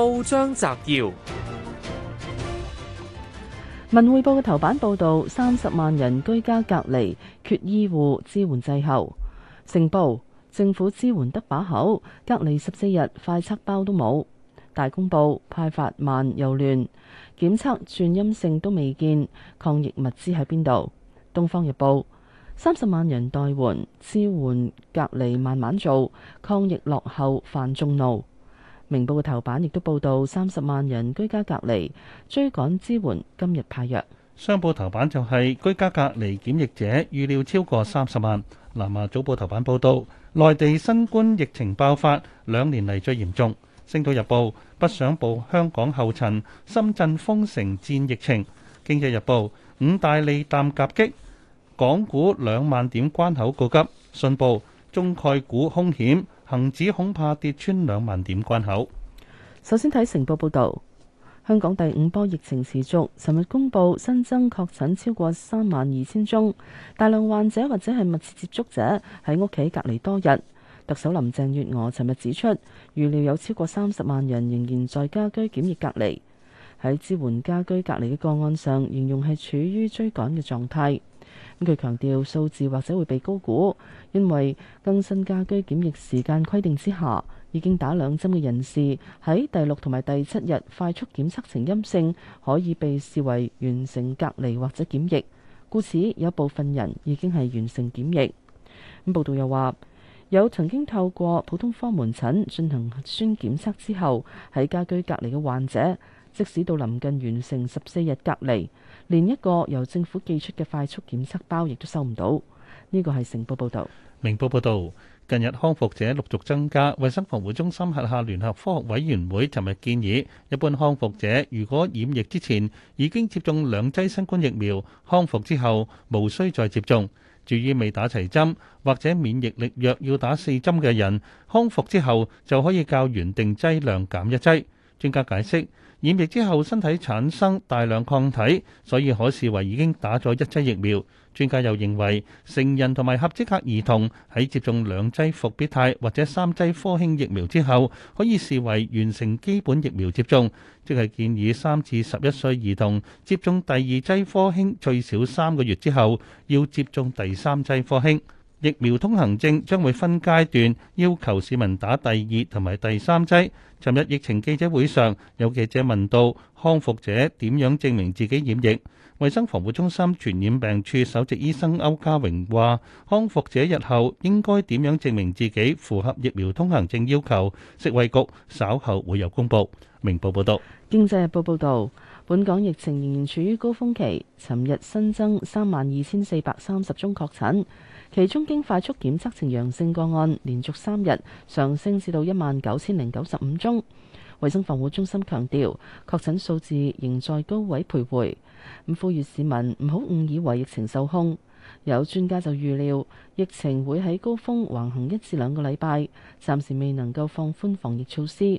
報章摘要：《文匯報》嘅頭版報道，三十萬人居家隔離缺醫護支援滯後。《成報》政府支援得把口，隔離十四日快測包都冇。《大公報》派發慢又亂，檢測轉陰性都未見，抗疫物資喺邊度？《東方日報》三十萬人待援支援隔離，慢慢做，抗疫落後犯眾怒。明報嘅頭版亦都報道三十萬人居家隔離，追趕支援，今日派藥。商報頭版就係居家隔離檢疫者預料超過三十萬。南華早報頭版報道，內地新冠疫情爆發兩年嚟最嚴重。星島日報不想步香港後塵，深圳封城戰疫情。經濟日報五大利淡夾擊，港股兩萬點關口告急。信報中概股凶險。恒指恐怕跌穿兩萬點關口。首先睇成報報道，香港第五波疫情持續，尋日公布新增確診超過三萬二千宗，大量患者或者係密切接觸者喺屋企隔離多日。特首林鄭月娥尋日指出，預料有超過三十萬人仍然在家居檢疫隔離。喺支援家居隔離嘅個案上，形容係處於追趕嘅狀態。咁佢強調數字或者會被高估，因為更新家居檢疫時間規定之下，已經打兩針嘅人士喺第六同埋第七日快速檢測呈陰性，可以被視為完成隔離或者檢疫。故此有部分人已經係完成檢疫。咁報道又話，有曾經透過普通科門診進行核酸檢測之後，喺家居隔離嘅患者。即使到臨近完成十四日隔離，連一個由政府寄出嘅快速檢測包亦都收唔到。呢個係成報報導，明報報導，近日康復者陸續增加，衞生防護中心轄下聯合科學委員會尋日建議，一般康復者如果染疫之前已經接種兩劑新冠疫苗，康復之後無需再接種。至於未打齊針或者免疫力弱要打四針嘅人，康復之後就可以較原定劑量減一劑。專家解釋。染疫之後，身體產生大量抗體，所以可視為已經打咗一劑疫苗。專家又認為，成人同埋合資格兒童喺接種兩劑復必泰或者三劑科興疫苗之後，可以視為完成基本疫苗接種。即係建議三至十一歲兒童接種第二劑科興最少三個月之後，要接種第三劑科興。疫苗通行證將會分階段要求市民打第二同埋第三劑。尋日疫情記者會上，有記者問到康復者點樣證明自己染疫？衞生防護中心傳染病處首席醫生歐家榮話：康復者日後應該點樣證明自己符合疫苗通行證要求？食衛局稍後會有公佈。明報報導，《經濟日報》報導，本港疫情仍然處於高峯期，尋日新增三萬二千四百三十宗確診。其中經快速檢測呈陽性個案，連續三日上升至到一萬九千零九十五宗。衛生防護中心強調，確診數字仍在高位徘徊，咁呼籲市民唔好誤以為疫情受控。有專家就預料，疫情會喺高峰橫行一至兩個禮拜，暫時未能夠放寬防疫措施。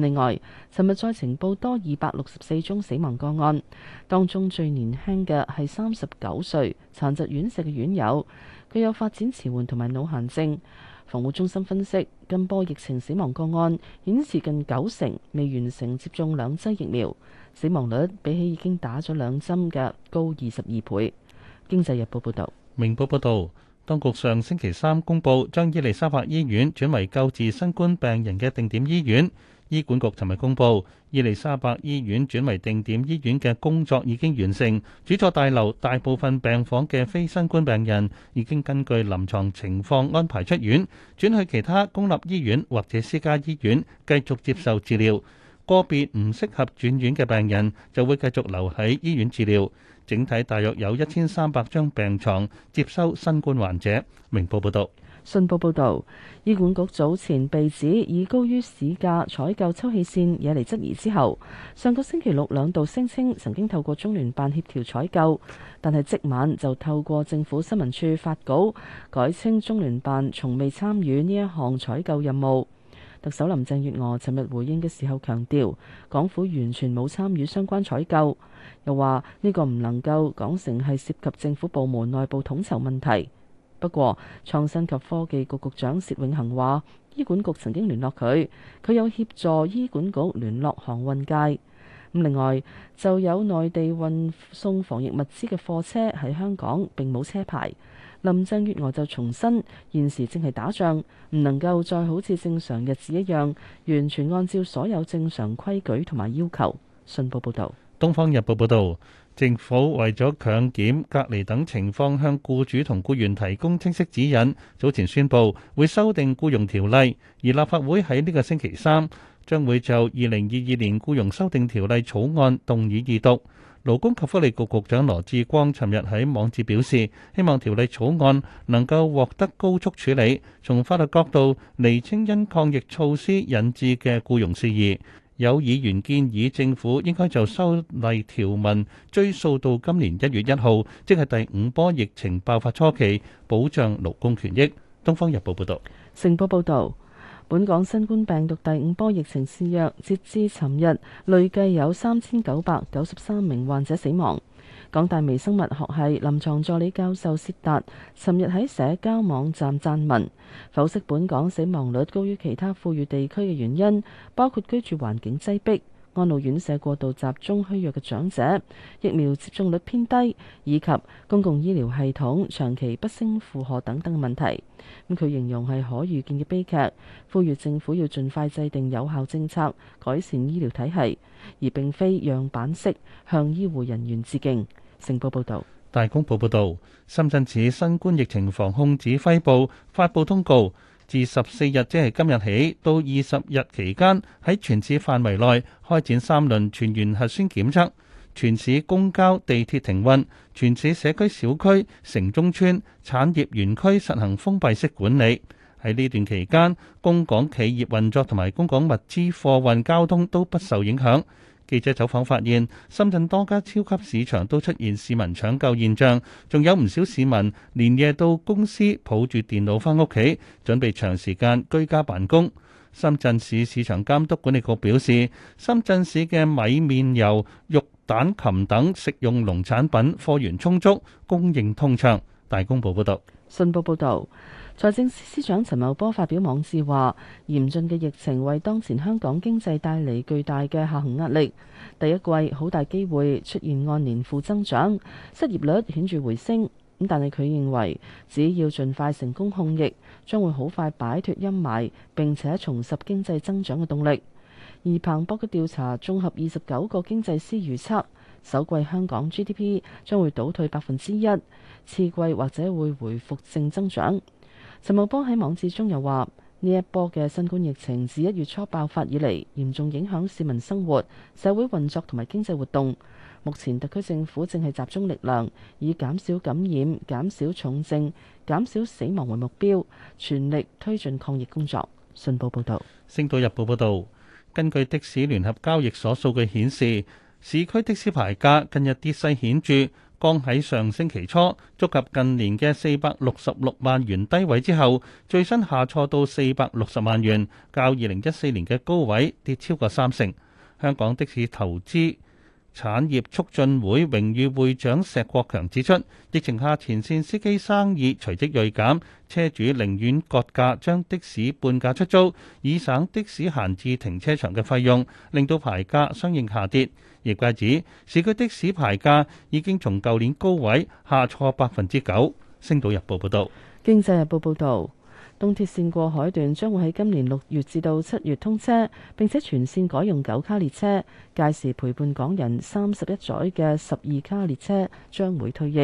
另外，尋日再呈報多二百六十四宗死亡個案，當中最年輕嘅係三十九歲殘疾院舍嘅院友，佢有發展遲緩同埋腦限症。防護中心分析，今波疫情死亡個案顯示近九成未完成接種兩劑疫苗，死亡率比起已經打咗兩針嘅高二十二倍。經濟日報報道，明報報道，當局上星期三公佈，將伊利沙伯醫院轉為救治新冠病人嘅定點醫院。醫管局尋日公布，伊利沙伯醫院轉為定點醫院嘅工作已經完成。主座大樓大部分病房嘅非新冠病人已經根據臨床情況安排出院，轉去其他公立醫院或者私家醫院繼續接受治療。個別唔適合轉院嘅病人就會繼續留喺醫院治療。整體大約有一千三百張病床接收新冠患者。明報報道。信報報導，醫管局早前被指以高於市價採購抽氣扇惹嚟質疑之後，上個星期六兩度聲稱曾經透過中聯辦協調採購，但係即晚就透過政府新聞處發稿改稱中聯辦從未參與呢一項採購任務。特首林鄭月娥尋日回應嘅時候強調，港府完全冇參與相關採購，又話呢個唔能夠講成係涉及政府部門內部統籌問題。不過，創新及科技局局長薛永恆話，醫管局曾經聯絡佢，佢有協助醫管局聯絡航運界。另外就有內地運送防疫物資嘅貨車喺香港並冇車牌。林鄭月娥就重申，現時正係打仗，唔能夠再好似正常日子一樣，完全按照所有正常規矩同埋要求。信報報道。《東方日報》報導，政府為咗強檢、隔離等情況，向僱主同僱員提供清晰指引。早前宣布會修訂僱傭條例，而立法會喺呢個星期三將會就2022年僱傭修訂條例草案動議二讀。勞工及福利局局長羅致光尋日喺網誌表示，希望條例草案能夠獲得高速處理，從法律角度釐清因抗疫措施引致嘅僱傭事宜。有議員建議政府應該就修例條文追溯到今年一月一號，即係第五波疫情爆發初期，保障勞工權益。《東方日報》報導，成報報導，本港新冠病毒第五波疫情肆虐，截至尋日累計有三千九百九十三名患者死亡。港大微生物學系臨床助理教授薛達尋日喺社交網站撰文，剖析本港死亡率高於其他富裕地區嘅原因，包括居住環境擠迫、安老院舍過度集中、虛弱嘅長者、疫苗接種率偏低，以及公共醫療系統長期不勝負荷等等嘅問題，咁佢形容係可預見嘅悲劇，呼籲政府要盡快制定有效政策，改善醫療體系，而並非樣板式向醫護人員致敬。成報報導，大公報報導，深圳市新冠疫情防控指揮部發佈通告，自十四日即係今日起到二十日期間，喺全市範圍內開展三輪全員核酸檢測，全市公交、地鐵停運，全市社區、小區、城中村、產業園區實行封閉式管理。喺呢段期間，供港企業運作同埋供港物資貨運交通都不受影響。記者走訪發現，深圳多家超級市場都出現市民搶購現象，仲有唔少市民連夜到公司抱住電腦翻屋企，準備長時間居家辦公。深圳市市場監督管理局表示，深圳市嘅米麵油、肉蛋禽等食用農產品貨源充足，供應通暢。大公報報道，信報報道。財政司司長陳茂波發表網誌話，嚴峻嘅疫情為當前香港經濟帶嚟巨大嘅下行壓力，第一季好大機會出現按年負增長，失業率顯著回升。咁但係佢認為，只要盡快成功控疫，將會好快擺脫陰霾，並且重拾經濟增長嘅動力。而彭博嘅調查綜合二十九個經濟師預測，首季香港 GDP 將會倒退百分之一，次季或者會回復正增長。陳茂波喺網誌中又話：呢一波嘅新冠疫情自一月初爆發以嚟，嚴重影響市民生活、社會運作同埋經濟活動。目前特區政府正係集中力量，以減少感染、減少重症、減少死亡為目標，全力推進抗疫工作。信報報道，《星島日報》報道，根據的士聯合交易所數據顯示，市區的士牌價近日跌勢顯著。方喺上星期初觸及近年嘅四百六十六萬元低位之後，最新下挫到四百六十萬元，較二零一四年嘅高位跌超過三成。香港的士投資產業促進會榮譽會長石國強指出，疫情下前線司機生意隨即鋭減，車主寧願割價將的士半價出租，以省的士閒置停車場嘅費用，令到牌價相應下跌。業界指市區的士牌價已經從舊年高位下挫百分之九。星島日報報道。經濟日報報道，東鐵線過海段將會喺今年六月至到七月通車，並且全線改用九卡列車。屆時陪伴港人三十一載嘅十二卡列車將會退役。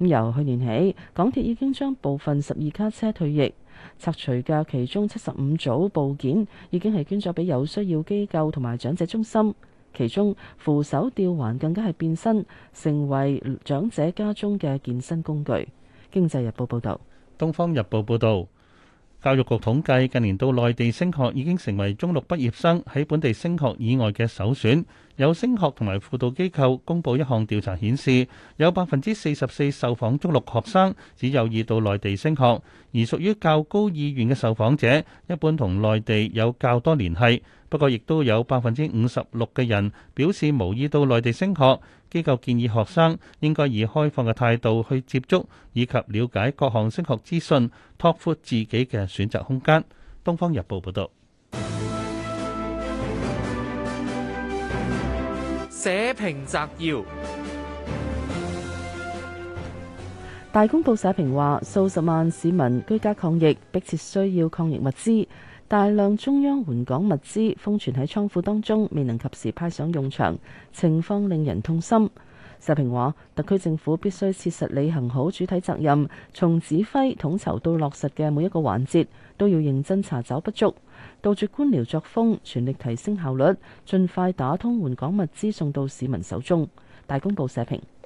咁由去年起，港鐵已經將部分十二卡車退役，拆除嘅其中七十五組部件已經係捐咗俾有需要機構同埋長者中心。其中扶手吊環更加係變身成為長者家中嘅健身工具。經濟日報報道，東方日報報道，教育局統計近年到內地升學已經成為中六畢業生喺本地升學以外嘅首選。有升學同埋輔導機構公布一項調查顯示，有百分之四十四受訪中六學生指有意到內地升學。而屬於較高意願嘅受訪者，一般同內地有較多聯繫，不過亦都有百分之五十六嘅人表示無意到內地升學。機構建議學生應該以開放嘅態度去接觸，以及了解各項升學資訊，拓闊自己嘅選擇空間。《東方日報》報道：社評摘要。大公報社評話：數十萬市民居家抗疫，迫切需要抗疫物資，大量中央援港物資封存喺倉庫當中，未能及時派上用場，情況令人痛心。社評話：特區政府必須切實履行好主體責任，從指揮統籌到落實嘅每一個環節，都要認真查找不足，杜絕官僚作風，全力提升效率，盡快打通援港物資送到市民手中。大公報社評。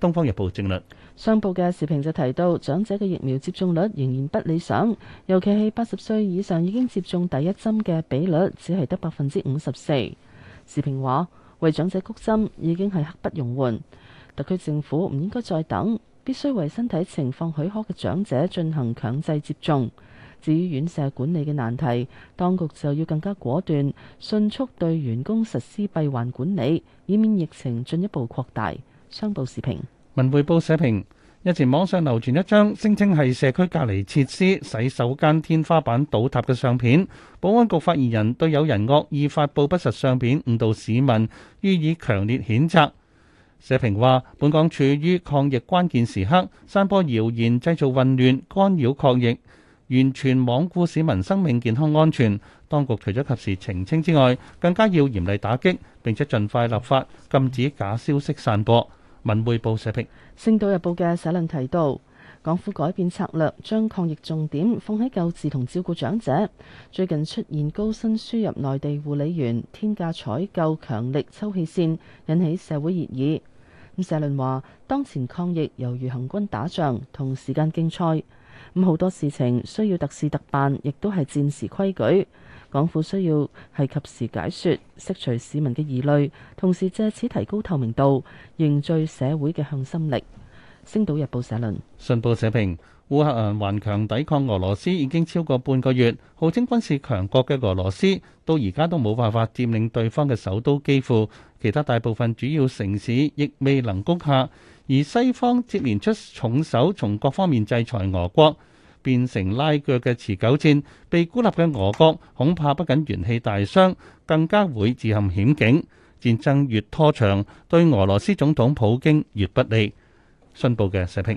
《東方日報政率》政略上報嘅時評就提到，長者嘅疫苗接種率仍然不理想，尤其係八十歲以上已經接種第一針嘅比率只係得百分之五十四。時評話，為長者谷針已經係刻不容緩，特區政府唔應該再等，必須為身體情況許可嘅長者進行強制接種。至於院舍管理嘅難題，當局就要更加果斷，迅速對員工實施閉環管理，以免疫情進一步擴大。商報視評，文匯報社評：日前網上流傳一張聲稱係社區隔離設施洗手間天花板倒塌嘅相片，保安局發言人對有人惡意發佈不實相片誤導市民，予以強烈譴責。社評話：本港處於抗疫關鍵時刻，散播謠言製造混亂，干擾抗疫，完全罔顧市民生命健康安全，當局除咗及時澄清之外，更加要嚴厲打擊，並且盡快立法禁止假消息散播。文匯報社評，《星島日報》嘅社論提到，港府改變策略，將抗疫重點放喺救治同照顧長者。最近出現高薪輸入內地護理員、天價採購強力抽氣扇，引起社會熱議。咁社論話，當前抗疫猶如行軍打仗同時間競賽。咁好多事情需要特事特辦，亦都係戰時規矩。港府需要係及時解說，釋除市民嘅疑慮，同時借此提高透明度，凝聚社會嘅向心力。星島日報社論。信報社評：烏克蘭頑強抵抗俄羅斯已經超過半個月，號稱軍事強國嘅俄羅斯到而家都冇辦法佔領對方嘅首都基輔，其他大部分主要城市亦未能攻下。而西方接連出重手，從各方面制裁俄國，變成拉鋸嘅持久戰。被孤立嘅俄國恐怕不僅元氣大傷，更加會自陷險境。戰爭越拖長，對俄羅斯總統普京越不利。信報嘅社評。